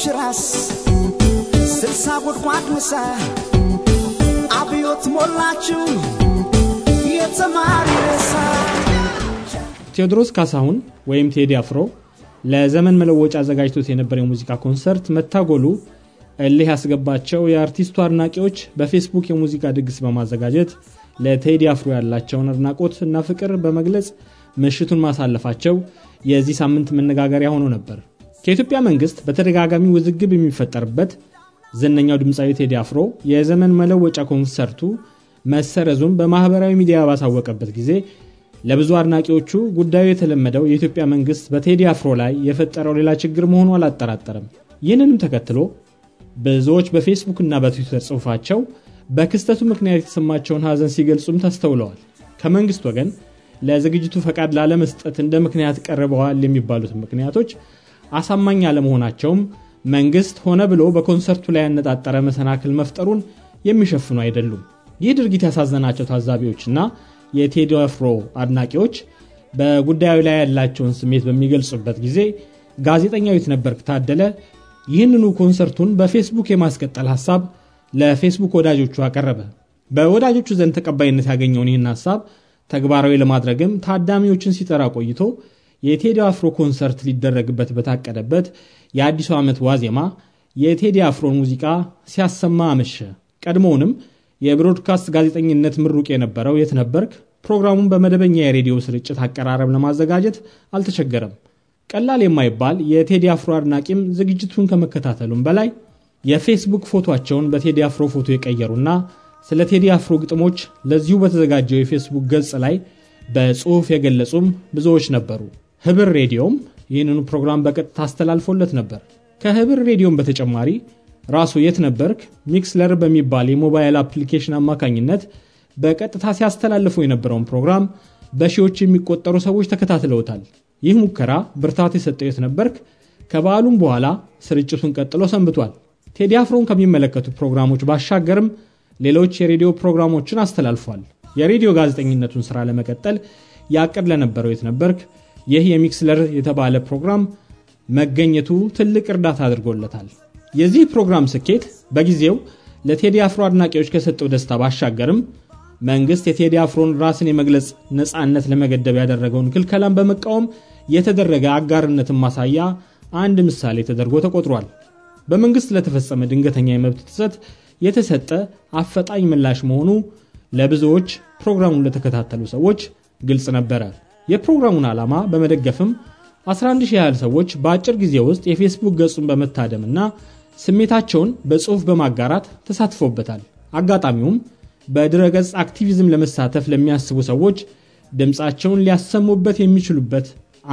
ሽራስ ስልሳ ጉድጓድ ምሳ አብዮት ሞላችው የተማሪ ረሳ። ቴዎድሮስ ካሳሁን ወይም ቴዲ አፍሮ ለዘመን መለወጫ አዘጋጅቶት የነበረው የሙዚቃ ኮንሰርት መታጎሉ እልህ ያስገባቸው የአርቲስቱ አድናቂዎች በፌስቡክ የሙዚቃ ድግስ በማዘጋጀት ለቴዲ አፍሮ ያላቸውን አድናቆት እና ፍቅር በመግለጽ ምሽቱን ማሳለፋቸው የዚህ ሳምንት መነጋገሪያ ሆኖ ነበር። ከኢትዮጵያ መንግስት በተደጋጋሚ ውዝግብ የሚፈጠርበት ዝነኛው ድምፃዊ ቴዲ አፍሮ የዘመን መለወጫ ኮንሰርቱ መሰረዙን በማህበራዊ ሚዲያ ባሳወቀበት ጊዜ ለብዙ አድናቂዎቹ ጉዳዩ የተለመደው የኢትዮጵያ መንግስት በቴዲ አፍሮ ላይ የፈጠረው ሌላ ችግር መሆኑ አላጠራጠረም። ይህንንም ተከትሎ ብዙዎች በፌስቡክ እና በትዊተር ጽሑፋቸው በክስተቱ ምክንያት የተሰማቸውን ሀዘን ሲገልጹም ተስተውለዋል። ከመንግስት ወገን ለዝግጅቱ ፈቃድ ላለመስጠት እንደ ምክንያት ቀርበዋል የሚባሉትን ምክንያቶች አሳማኝ አለመሆናቸውም መንግሥት ሆነ ብሎ በኮንሰርቱ ላይ ያነጣጠረ መሰናክል መፍጠሩን የሚሸፍኑ አይደሉም። ይህ ድርጊት ያሳዘናቸው ታዛቢዎችና የቴዲ አፍሮ አድናቂዎች በጉዳዩ ላይ ያላቸውን ስሜት በሚገልጹበት ጊዜ ጋዜጠኛዊት ነበርክ ታደለ ይህንኑ ኮንሰርቱን በፌስቡክ የማስቀጠል ሐሳብ ለፌስቡክ ወዳጆቹ አቀረበ። በወዳጆቹ ዘንድ ተቀባይነት ያገኘውን ይህን ሐሳብ ተግባራዊ ለማድረግም ታዳሚዎችን ሲጠራ ቆይቶ የቴዲ አፍሮ ኮንሰርት ሊደረግበት በታቀደበት የአዲሱ ዓመት ዋዜማ የቴዲ አፍሮን ሙዚቃ ሲያሰማ አመሸ። ቀድሞውንም የብሮድካስት ጋዜጠኝነት ምሩቅ የነበረው የትነበርክ ፕሮግራሙን በመደበኛ የሬዲዮ ስርጭት አቀራረብ ለማዘጋጀት አልተቸገረም። ቀላል የማይባል የቴዲ አፍሮ አድናቂም ዝግጅቱን ከመከታተሉም በላይ የፌስቡክ ፎቶቸውን በቴዲ አፍሮ ፎቶ የቀየሩና ስለ ቴዲ አፍሮ ግጥሞች ለዚሁ በተዘጋጀው የፌስቡክ ገጽ ላይ በጽሑፍ የገለጹም ብዙዎች ነበሩ። ህብር ሬዲዮም ይህንኑ ፕሮግራም በቀጥታ አስተላልፎለት ነበር። ከህብር ሬዲዮም በተጨማሪ ራሱ የት ነበርክ ሚክስለር በሚባል የሞባይል አፕሊኬሽን አማካኝነት በቀጥታ ሲያስተላልፉ የነበረውን ፕሮግራም በሺዎች የሚቆጠሩ ሰዎች ተከታትለውታል። ይህ ሙከራ ብርታት የሰጠው የት ነበርክ ከበዓሉም በኋላ ስርጭቱን ቀጥሎ ሰንብቷል። ቴዲ አፍሮን ከሚመለከቱ ፕሮግራሞች ባሻገርም ሌሎች የሬዲዮ ፕሮግራሞችን አስተላልፏል። የሬዲዮ ጋዜጠኝነቱን ስራ ለመቀጠል ያቅድ ለነበረው የት ነበርክ ይህ የሚክስለር የተባለ ፕሮግራም መገኘቱ ትልቅ እርዳታ አድርጎለታል። የዚህ ፕሮግራም ስኬት በጊዜው ለቴዲ አፍሮ አድናቂዎች ከሰጠው ደስታ ባሻገርም መንግስት የቴዲ አፍሮን ራስን የመግለጽ ነፃነት ለመገደብ ያደረገውን ክልከላን በመቃወም የተደረገ አጋርነትን ማሳያ አንድ ምሳሌ ተደርጎ ተቆጥሯል። በመንግስት ለተፈጸመ ድንገተኛ የመብት ጥሰት የተሰጠ አፈጣኝ ምላሽ መሆኑ ለብዙዎች ፕሮግራሙን ለተከታተሉ ሰዎች ግልጽ ነበረ። የፕሮግራሙን ዓላማ በመደገፍም 11 ያህል ሰዎች በአጭር ጊዜ ውስጥ የፌስቡክ ገጹን በመታደምና ስሜታቸውን በጽሑፍ በማጋራት ተሳትፎበታል። አጋጣሚውም በድረገጽ አክቲቪዝም ለመሳተፍ ለሚያስቡ ሰዎች ድምፃቸውን ሊያሰሙበት የሚችሉበት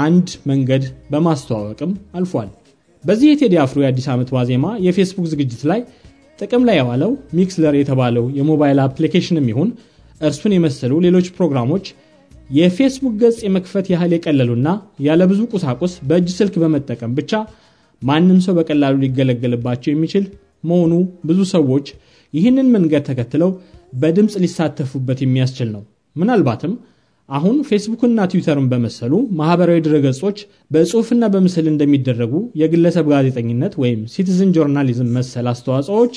አንድ መንገድ በማስተዋወቅም አልፏል። በዚህ የቴዲ አፍሮ የአዲስ ዓመት ዋዜማ የፌስቡክ ዝግጅት ላይ ጥቅም ላይ የዋለው ሚክስለር የተባለው የሞባይል አፕሊኬሽንም ይሁን እርሱን የመሰሉ ሌሎች ፕሮግራሞች የፌስቡክ ገጽ የመክፈት ያህል የቀለሉና ያለ ብዙ ቁሳቁስ በእጅ ስልክ በመጠቀም ብቻ ማንም ሰው በቀላሉ ሊገለገልባቸው የሚችል መሆኑ ብዙ ሰዎች ይህንን መንገድ ተከትለው በድምፅ ሊሳተፉበት የሚያስችል ነው። ምናልባትም አሁን ፌስቡክና ትዊተርን በመሰሉ ማህበራዊ ድረገጾች በጽሑፍና በምስል እንደሚደረጉ የግለሰብ ጋዜጠኝነት ወይም ሲቲዝን ጆርናሊዝም መሰል አስተዋጽኦዎች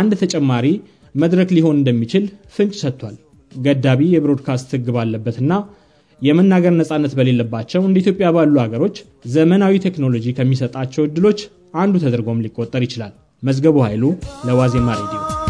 አንድ ተጨማሪ መድረክ ሊሆን እንደሚችል ፍንጭ ሰጥቷል። ገዳቢ የብሮድካስት ህግ ባለበትና የመናገር ነፃነት በሌለባቸው እንደ ኢትዮጵያ ባሉ ሀገሮች ዘመናዊ ቴክኖሎጂ ከሚሰጣቸው እድሎች አንዱ ተደርጎም ሊቆጠር ይችላል። መዝገቡ ኃይሉ ለዋዜማ ሬዲዮ